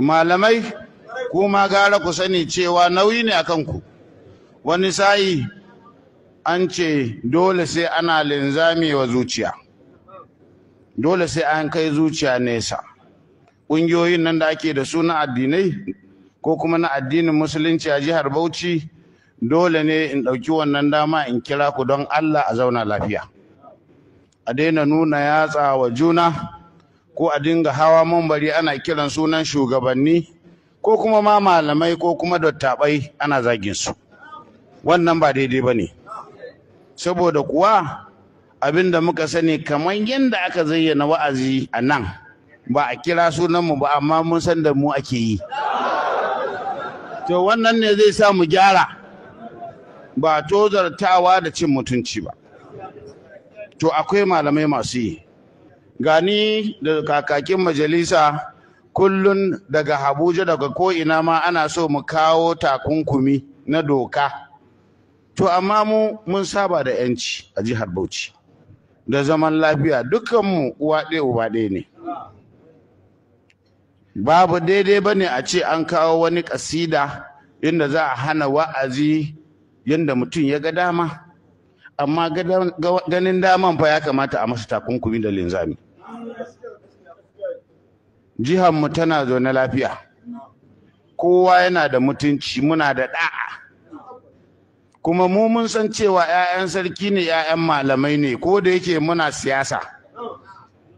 malamai kuma gara ku sani cewa nauyi ne a kanku wani sa'i an ce dole sai ana linzami wa zuciya dole sai an kai zuciya nesa ƙungiyoyin nan da ake da su na addinai ko kuma na addinin musulunci a jihar bauchi dole ne in ɗauki wannan dama in kira ku don allah a zauna lafiya a daina nuna yatsa wa juna ko a dinga hawa mambari ana kiran sunan shugabanni ko kuma ma malamai ko kuma dattabai ana zagin su wannan ba daidai ba ne saboda kuwa abin da muka sani kamar yadda aka zayyana wa'azi a nan ba a kira sunanmu ba amma mun san da mu ake yi to wannan ne zai sa mu gyara ba tozartawa da cin mutunci ba to akwai malamai masu yi gani da kakakin majalisa kullun daga Habuja daga ko'ina ma ana so mu kawo takunkumi na doka. To amma mu mun saba da ‘yanci a jihar Bauchi da zaman lafiya dukkanmu uwa ɗaya uba ne. Babu daidai ba ne a ce an kawo wani ƙasida inda za a hana wa'azi yadda mutum ya ga dama, amma ganin daman fa ya kamata a masa takunkumi da linzami. jihanmu tana zaune lafiya kowa yana da mutunci muna da da'a kuma mu mun san cewa 'ya'yan sarki ne 'ya'yan malamai ne ko da yake muna siyasa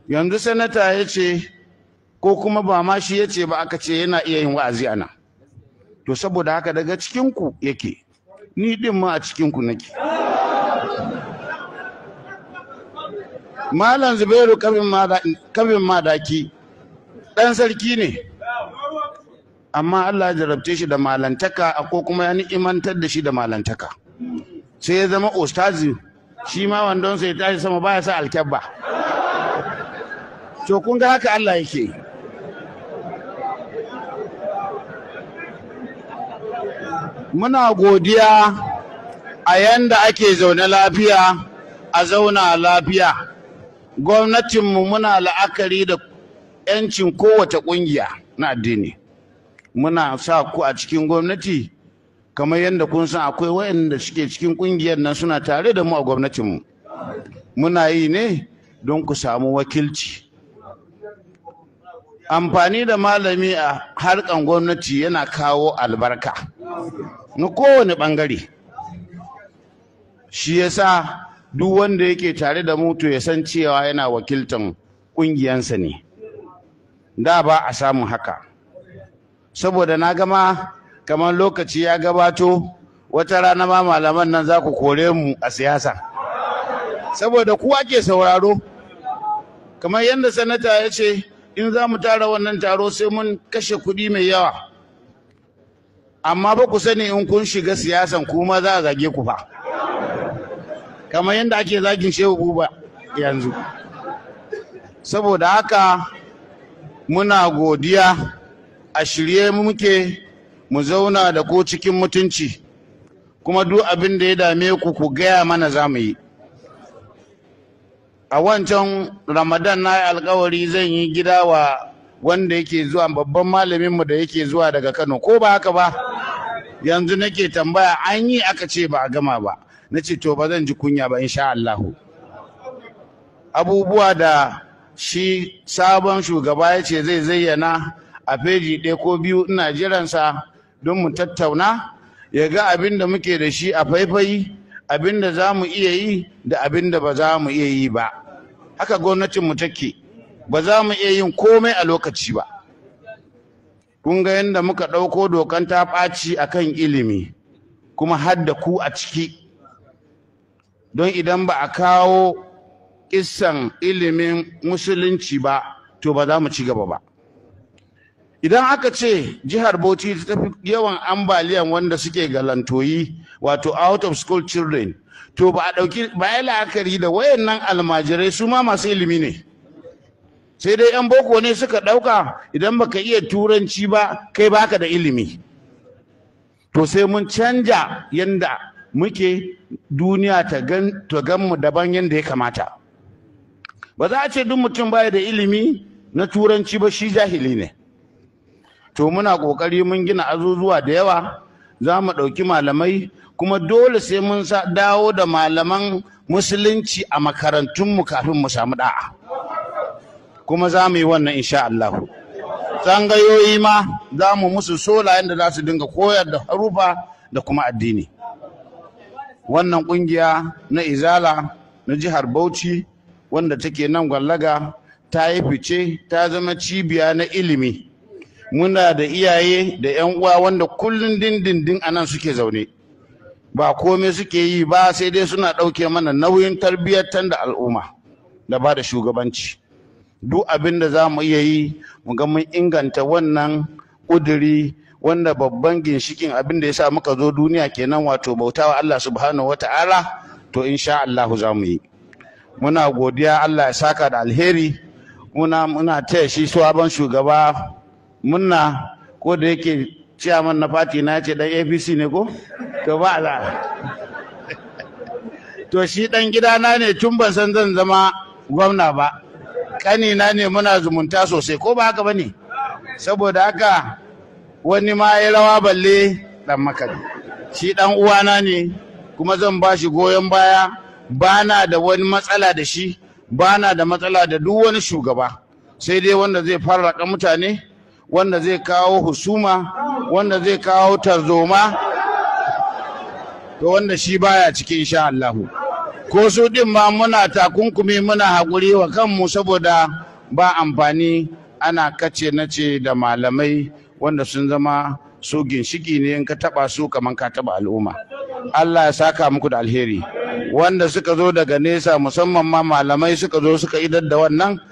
yanzu sanata ya ce ko kuma ba ma shi ya ce ba aka ce yana iya yin wa'azi ana to saboda haka daga cikinku yake ni din ma a cikinku nake malam zubairu kafin madaki ɗan sarki ne amma Allah ya jarabce shi da malantaka ko kuma ya ni'imantar da shi da malantaka sai ya zama ostazi shi ma wandon sai ya tashi sama baya sa alkyabba to kun ga haka Allah yake muna godiya a yanda ake zaune lafiya a zauna lafiya gwamnatinmu muna la'akari da 'yancin kowace ƙungiya na addini muna sa ku a cikin gwamnati kamar yadda kun san akwai wayanda suke cikin ƙungiyar nan suna tare da mu a gwamnatinmu muna yi ne don ku samu wakilci amfani da malami a harkan gwamnati yana kawo albarka na kowane ɓangare shi ya sa duk wanda yake tare da mutu ya san cewa yana wakiltan ƙungiyansa ne da ba a samun haka saboda na gama kamar lokaci ya gabato wata rana ma malaman nan za ku kore mu a siyasa saboda kuwa ke sauraro kamar yadda sanata ya ce in za mu tara wannan taro sai mun kashe kuɗi mai yawa amma ba ku sani in kun shiga siyasan kuma za a zage ku fa kamar yadda ake zagin shehu ba yanzu saboda haka muna godiya a shirye muke mu zauna da ko cikin mutunci kuma duk abin da ya dame ku ku gaya mana za mu yi a wancan ramadan na yi alkawari zan yi gida wa wanda yake zuwa babban malaminmu da yake zuwa daga kano ko ba haka ba yanzu nake tambaya an yi aka ce ba a gama ba na ce to ba zan ji kunya ba insha Allahu abubuwa da shi sabon shugaba ya ce zai zayyana a feji ɗaya ko biyu ina jiransa don mu tattauna ya ga abin da muke da shi a faifai abin da za mu iya yi da abin da ba za mu iya yi ba haka gwamnatinmu take ba za mu iya yin komai a lokaci ba kun ga yadda muka ɗauko dokan ta ɓaci a kan ilimi kuma har da ku a ciki don idan ba a kawo isan ilimin musulunci ba to ba za mu ci gaba ba idan aka ce jihar Bauchi ta tafi yawan ambaliyan wanda suke galantoyi wato out of school children to ba a dauki ba ya la'akari da wayannan almajirai su ma masu ilimi ne sai dai yan boko ne suka dauka idan baka iya turanci ba kai baka da ilimi to sai mun canja yanda muke duniya ta gan mu daban yadda ya kamata ba za a ce duk mutum ba da ilimi na turanci ba shi jahili ne to muna kokari mun gina azuzuwa da yawa za mu ɗauki malamai kuma dole sai mun dawo da malaman musulunci a makarantunmu kafin mu samu da'a kuma za mu yi wannan insha Allah tsangayoyi ma za mu musu sola yadda za su dinga koyar da harufa da kuma addini wannan kungiya na izala na jihar bauchi wanda take nan gwallaga ta yi fice ta zama cibiya na ilimi muna da iyaye da 'yan uwa wanda kullum dindindin a nan suke zaune ba komai suke yi ba sai dai suna ɗauke mana nauyin tarbiyyar da al'umma da ba da shugabanci duk abin da za mu iya yi mu ga mun inganta wannan ƙuduri wanda babban ginshikin abin da ya sa muka zo duniya kenan wato bautawa Allah subhanahu ta'ala to insha Allah za mu yi muna godiya Allah ya saka da alheri muna muna taya shi sabon shugaba muna ko da yake ciyaman na fati na ce dan APC ne ko to ba za to shi dan gidana ne tun ban san zan zama gwamna ba kanina ne muna zumunta sosai ko ba haka bane saboda haka wani ma ya rawa balle dan makari shi dan uwana ne kuma zan ba shi goyon baya bana da wani matsala da shi bana da matsala da duk wani shugaba sai dai wanda zai fara mutane wanda zai kawo husuma wanda zai kawo tarzoma to wanda shi baya cikin sha Allahu ko su din ma muna takunkumi muna haƙuri wa kanmu saboda ba amfani ana kace nace da malamai wanda sun zama su ginshiki ne in ka taba su kamar ka taba al'umma Allah ya saka muku da alheri wanda suka zo daga nesa musamman ma malamai suka zo suka idar da wannan